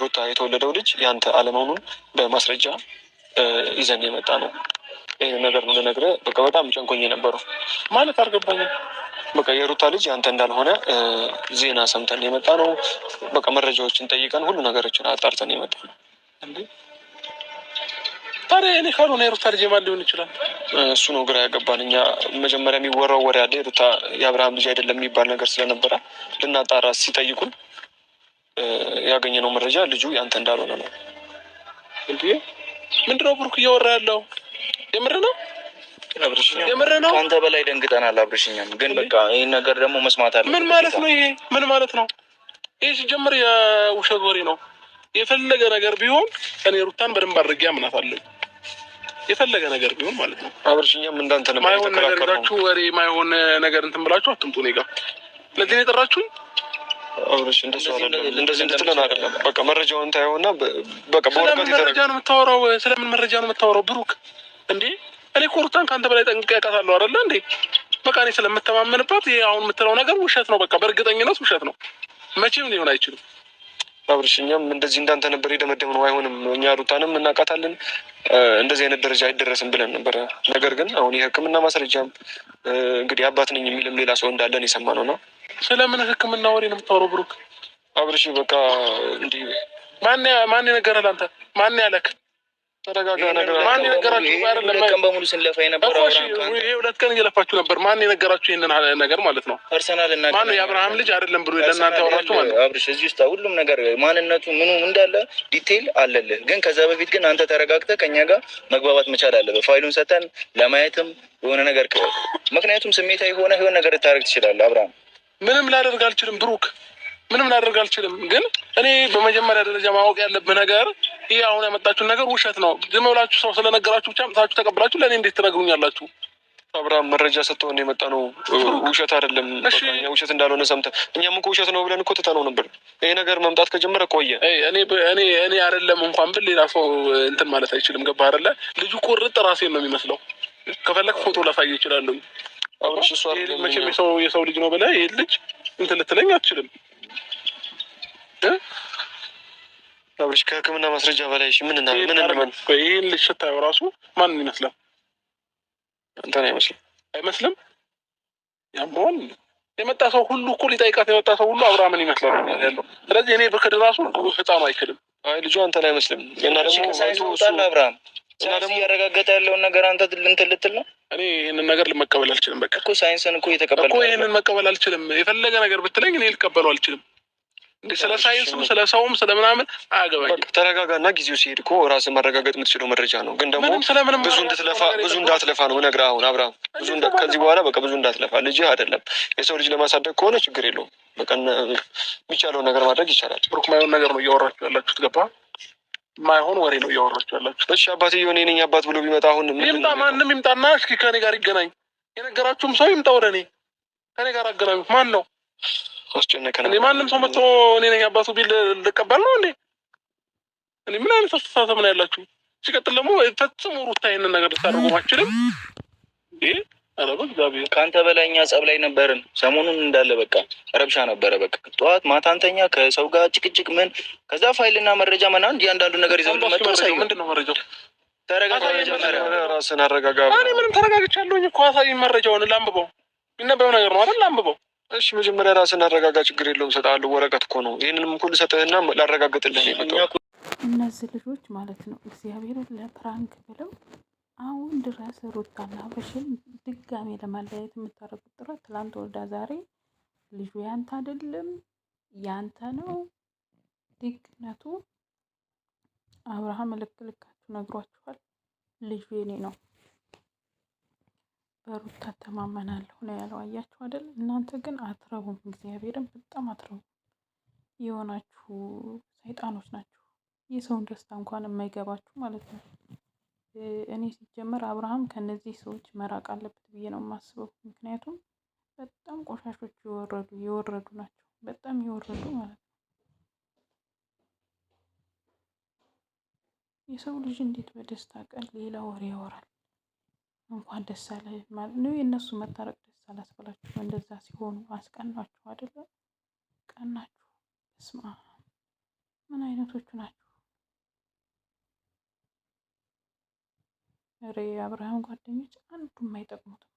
ሩታ የተወለደው ልጅ ያንተ አለመሆኑን በማስረጃ ይዘን የመጣ ነው። ይህን ነገር ነው ልነግርህ። በቃ በጣም ጨንቆኝ የነበረው ማለት አልገባኝም። በቃ የሩታ ልጅ ያንተ እንዳልሆነ ዜና ሰምተን የመጣ ነው። በቃ መረጃዎችን ጠይቀን ሁሉ ነገሮችን አጣርተን የመጣ ነው። ታዲያ እኔ ካልሆነ የሩታ ልጅ የማን ሊሆን ይችላል? እሱ ነው ግራ ያገባን። እኛ መጀመሪያ የሚወራው ወሬ አለ የሩታ የአብርሃም ልጅ አይደለም የሚባል ነገር ስለነበረ ልናጣራ ሲጠይቁን ያገኘነው መረጃ ልጁ ያንተ እንዳልሆነ ነው። እንዴ ምንድነው ብሩክ እያወራ ያለው? የምር ነው የምር ነው። ከአንተ በላይ ደንግጠናል። አብርሽኛም ግን በቃ ይህን ነገር ደግሞ መስማት አለ። ምን ማለት ነው ይሄ? ምን ማለት ነው ይህ? ሲጀምር የውሸት ወሬ ነው። የፈለገ ነገር ቢሆን እኔ ሩታን በደንብ አድርጌ አምናታለሁ። የፈለገ ነገር ቢሆን ማለት ነው። አብርሽኛም እንዳንተ ማይሆን ነገር ብላችሁ ወሬ ማይሆን ነገር እንትን ብላችሁ አትምጡ እኔ ጋ። ለዚህ ነው የጠራችሁኝ አብረሽ እንደሱ አይደለም፣ እንደዚህ እንድትለን አይደለም። በቃ መረጃውን ታየውና በቃ በወረቀት መረጃ ነው የምታወራው። ስለምን መረጃ ነው የምታወራው? ብሩክ እንዴ እኔ ኮርታን ከአንተ በላይ ጠንቅቄ አውቃታለሁ አይደለ እንዴ? በቃ እኔ ስለምተማመንባት ይሄ አሁን የምትለው ነገር ውሸት ነው። በቃ በእርግጠኝነት ውሸት ነው። መቼም ሊሆን አይችልም። አብርሽ እኛም እንደዚህ እንዳንተ ነበር ነው አይሆንም፣ እኛ ሩታንም እናውቃታለን፣ እንደዚህ አይነት ደረጃ አይደረስም ብለን ነበረ። ነገር ግን አሁን የሕክምና ማስረጃም እንግዲህ አባት ነኝ የሚልም ሌላ ሰው እንዳለን ነው ነው። ስለምን ህክምና ወሬ ነው የምታወራው? ብሩክ አብርሽ፣ በቃ እንዲህ ማን ማን የነገረህ ለአንተ? ማን ያለክ? ተረጋጋ። ሁለት ቀን እየለፋችሁ ነበር። ማን የነገራችሁ ይህንን ነገር ማለት ነው? ፐርሰናል እና ማን የአብርሃም ልጅ አይደለም ብሎ ለእናንተ ማለት ነው? አብርሽ፣ እዚህ ውስጥ ሁሉም ነገር ማንነቱ ምኑ እንዳለ ዲቴይል አለልህ። ግን ከዛ በፊት ግን አንተ ተረጋግተህ ከኛ ጋር መግባባት መቻል አለብህ። ፋይሉን ሰተን ለማየትም የሆነ ነገር ምክንያቱም ስሜታዊ የሆነ የሆነ ነገር ልታደርግ ትችላለህ አብርሃም ምንም ላደርግ አልችልም ብሩክ፣ ምንም ላደርግ አልችልም። ግን እኔ በመጀመሪያ ደረጃ ማወቅ ያለብህ ነገር ይህ አሁን ያመጣችሁን ነገር ውሸት ነው። ዝም ብላችሁ ሰው ስለነገራችሁ ብቻ አምጥታችሁ ተቀብላችሁ ለእኔ እንዴት ትነግሩኛላችሁ? አብርሃም መረጃ ሰጥተውን የመጣ ነው፣ ውሸት አይደለም። ውሸት እንዳልሆነ ሰምተ እኛም እኮ ውሸት ነው ብለን እኮ ትተነው ነበር። ይሄ ነገር መምጣት ከጀመረ ቆየ። እኔ እኔ አይደለም እንኳን ብል ሌላ ሰው እንትን ማለት አይችልም። ገባህ አይደለ? ልጁ ቁርጥ ራሴን ነው የሚመስለው። ከፈለግ ፎቶ ላሳይ ይችላለሁ። መቼም የሰው ልጅ ነው ብለህ ይህ ልጅ እንትን ልትለኝ አትችልም። አብርሽ ከሕክምና ማስረጃ በላይ ምን ይህን ልጅ ስታየው ራሱ ማንን ይመስላል? እንትን አይመስልም፣ አይመስልም። ያም የመጣ ሰው ሁሉ እኮ ሊጠይቃት የመጣ ሰው ሁሉ አብርሃምን ይመስላል ያለው። ስለዚህ እኔ ብክድ ራሱ ህፃኑ አይ ልጁ አንተን አይመስልም። እና ደግሞ አብርሃም እያረጋገጠ ያለውን ነገር አንተ እንትን ነው እኔ ይህንን ነገር ልመቀበል አልችልም። በቃ እኮ ሳይንስን እኮ የተቀበል እኮ ይህንን መቀበል አልችልም። የፈለገ ነገር ብትለኝ እኔ ልቀበለው አልችልም። ስለ ሳይንስም ስለ ሰውም ስለ ምናምን አያገባኝም። ተረጋጋና ጊዜው ሲሄድ እኮ ራስን ማረጋገጥ የምትችለው መረጃ ነው። ግን ደግሞ ብዙ እንድትለፋ ብዙ እንዳትለፋ ነው እነግርህ። አሁን አብርሃም ብዙ ከዚህ በኋላ በቃ ብዙ እንዳትለፋ። ልጅህ አይደለም የሰው ልጅ ለማሳደግ ከሆነ ችግር የለውም። በቃ የሚቻለውን ነገር ማድረግ ይቻላል። ብሩክ ማየውን ነገር ነው እያወራችሁ ያላችሁት ገባ ማይሆን ወሬ ነው እያወራችሁ ያላችሁ። እሺ አባትዬው እኔ ነኝ አባት ብሎ ቢመጣ አሁን ይምጣ፣ ማንም ይምጣና እስኪ ከኔ ጋር ይገናኝ። የነገራችሁም ሰው ይምጣ ወደ እኔ፣ ከኔ ጋር አገናኙት። ማን ነው አስጨነቀን? ማንም ሰው መጥቶ እኔ ነኝ አባቱ ቢል ልቀበል ነው እንዴ? እኔ ምን አይነት አስተሳሰብ ነው ያላችሁ? ሲቀጥል ደግሞ ፈጽሞ ሩታ ይሄንን ነገር ልታደርጉም አችልም። ከአንተ በላይኛ ጸብ ላይ ነበርን። ሰሞኑን እንዳለ በቃ ረብሻ ነበረ። በቃ ጠዋት ማታ አንተኛ ከሰው ጋር ጭቅጭቅ ምን፣ ከዛ ፋይልና መረጃ ምናምን እያንዳንዱ ነገር ይዘው ምንድነው መረጃው? ተረጋጋ፣ ራስን አረጋጋ። እኔ ምንም ተረጋግቻለሁኝ እኮ አሳይኝ መረጃውን። ላንብበው፣ የሚነበበው ነገር ነው አይደል? ላንብበው። እሺ መጀመሪያ ራስን አረጋጋ። ችግር የለውም ሰጣሉ ወረቀት እኮ ነው። ይህንንም ሁሉ ልሰጥህና ላረጋግጥልህ የመጣሁት። እነዚህ ልጆች ማለት ነው እግዚአብሔር ለፕራንክ ብለው አሁን ድረስ ሩታና አብርሽን ድጋሜ ለማለያየት የምታደርጉት ጥረት ትላንት ወልዳ ዛሬ ልጁ ያንተ አይደለም ያንተ ነው። ድግነቱ አብርሃም ልክ ልካችሁ ነግሯችኋል። ልጁ የኔ ነው በሩታ ተማመናለሁ ነው ያለው። አያችሁ አይደል? እናንተ ግን አትረቡም። እግዚአብሔርን በጣም አትረቡም የሆናችሁ ሰይጣኖች ናችሁ። የሰውን ደስታ እንኳን የማይገባችሁ ማለት ነው። እኔ ሲጀመር አብርሃም ከነዚህ ሰዎች መራቅ አለበት ብዬ ነው የማስበው። ምክንያቱም በጣም ቆሻሾች የወረዱ የወረዱ ናቸው፣ በጣም የወረዱ ማለት ነው። የሰው ልጅ እንዴት በደስታ ቀን ሌላ ወሬ ያወራል? እንኳን ደስ አለ ማለት ነው። የእነሱ መታረቅ ደስ አላስበላችሁ? እንደዛ ሲሆኑ አስቀናችሁ አይደለም? ቀናችሁ። ስማ ምን አይነቶቹ ናቸው? ሬ አብርሃም ጓደኞች አንዱም አይጠቅሙትም።